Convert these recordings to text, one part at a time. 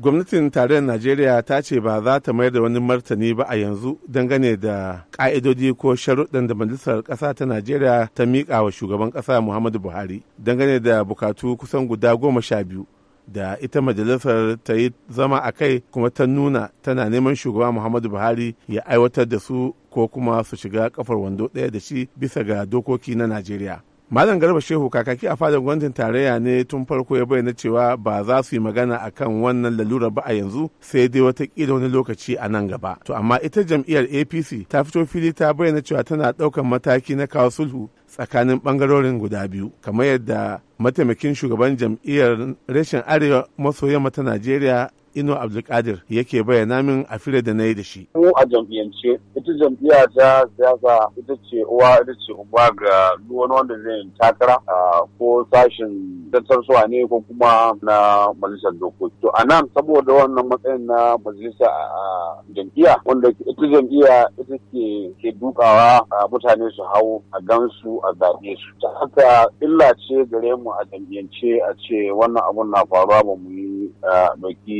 gwamnatin tarayyar najeriya ta ce ba za ta mayar da wani martani ba a yanzu dangane da ka'idodi ko sharuɗan da majalisar ƙasa ta najeriya ta miƙa wa shugaban ƙasa muhammadu buhari dangane da bukatu kusan guda goma sha biyu da ita majalisar ta yi zama a kai kuma ta nuna tana neman shugaba muhammadu buhari ya aiwatar da su ko kuma su shiga kafar wando ɗaya da shi bisa ga dokoki na najeriya Malam Garba Shehu kakaki a fadar gwamnatin tarayya ne tun farko ya bayyana cewa ba za su yi magana akan wannan lalura ba a yanzu sai dai watakila wani lokaci a nan gaba. To amma ita jam'iyyar APC ta fito fili ta bayyana cewa tana ɗaukan mataki na kawo sulhu tsakanin ɓangarorin guda biyu kamar yadda mataimakin shugaban jam'iyyar rashin arewa maso yamma ta najeriya Inu Abdulkadir yake bayyana min a fira da na yi da shi. Mu a jam'iyyance ita jam'iyya ta siyasa ita ce uwa ita ce uba ga duk wani wanda zai takara ko sashin suwa ne ko kuma na majalisar dokoki. To a nan saboda wannan matsayin na majalisa a jam'iyya wanda ita jam'iyya ita ke ke dukawa mutane su hau a gansu a zaɓe su. Ta haka illa ce gare mu a jam'iyyance a ce wannan abun na faruwa ba mu yi ɗauki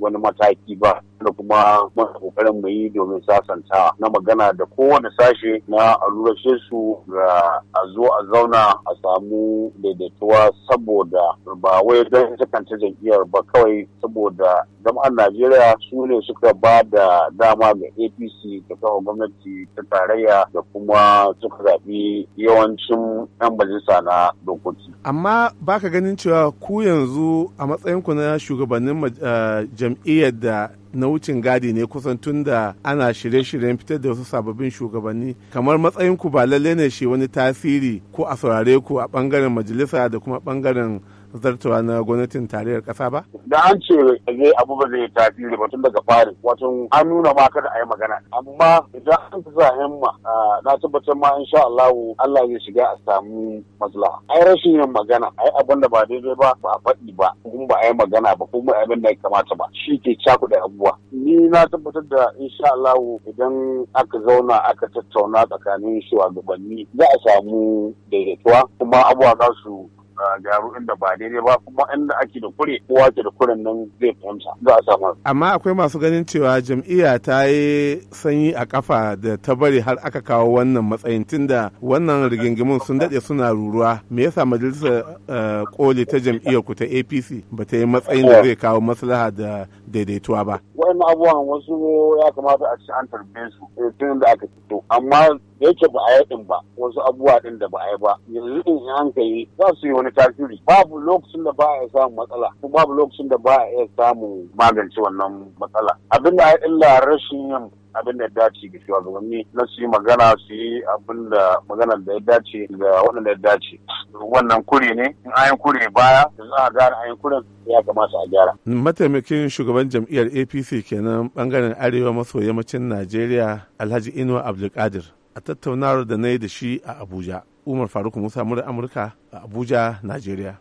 wani mataki ba da kuma masu kokarin mu yi domin sasanta na magana da kowane sashe na alurashe su ga a zo a zauna a samu daidaituwa saboda ba wai don sakanta jam'iyyar ba kawai saboda jama'ar Najeriya su ne suka ba da dama ga APC da kawo gwamnati ta tarayya da kuma suka zaɓi yawancin 'yan majalisa na dokoki. Amma baka ganin cewa ku yanzu a matsayinku na shugabannin eh, jam'iyyar da na wucin gadi ne kusan tun da ana shirye-shiryen fitar da wasu sababbin shugabanni kamar matsayin ku ba lalle ne shi wani tasiri ko a saurare ku a bangaren majalisa da kuma bangaren zartawa na gwamnatin tarayyar kasa ba? Da an ce zai abu ba zai tafi da batun daga fari wato an nuna ma kada a yi magana amma idan an sa himma na tabbatar ma insha Allah Allah zai shiga a samu maslaha. Ai rashin yin magana ai abin da ba daidai ba ba faɗi ba kuma ba a yi magana ba kuma abin da ya kamata ba shi ke da abubuwa. Ni na tabbatar da insha Allah idan aka zauna aka tattauna tsakanin shugabanni za a samu daidaituwa kuma abubuwa za su na gyaru inda ba daidai ba kuma inda ake da kure kowa ke da kuren nan zai fahimta za a samu amma akwai masu ganin cewa jam'iyya ta yi sanyi a kafa da ta bari har aka kawo wannan matsayin tunda wannan rigingimun sun dade suna ruruwa me yasa majalisar koli eh, ta jam'iyyar ku ta APC ba ta yi matsayin da eh. zai kawo maslaha da daidaituwa ba. Wa'annan abubuwan wasu ya kamata a ci an tarbe su eh, tun da aka fito amma da yake ba a yaɗin ba wasu abubuwa ɗin da ba a yi ba yanzu in an ka yi za su yi wani tasiri babu lokacin da ba a samun matsala ko babu lokacin da ba a iya samun magance wannan matsala abin da a yi illa rashin yin abin da ya dace ga shugabanni na su yi magana su yi abin da magana da ya dace ga waɗanda ya dace wannan kuri ne in an kuri baya da za a gane an kuren ya kamata a gyara. mataimakin shugaban jam'iyyar apc kenan bangaren arewa maso yammacin najeriya alhaji inuwa abdulkadir a tattaunawar da na yi da shi a abuja umar faruk musa mura amurka a abuja najeriya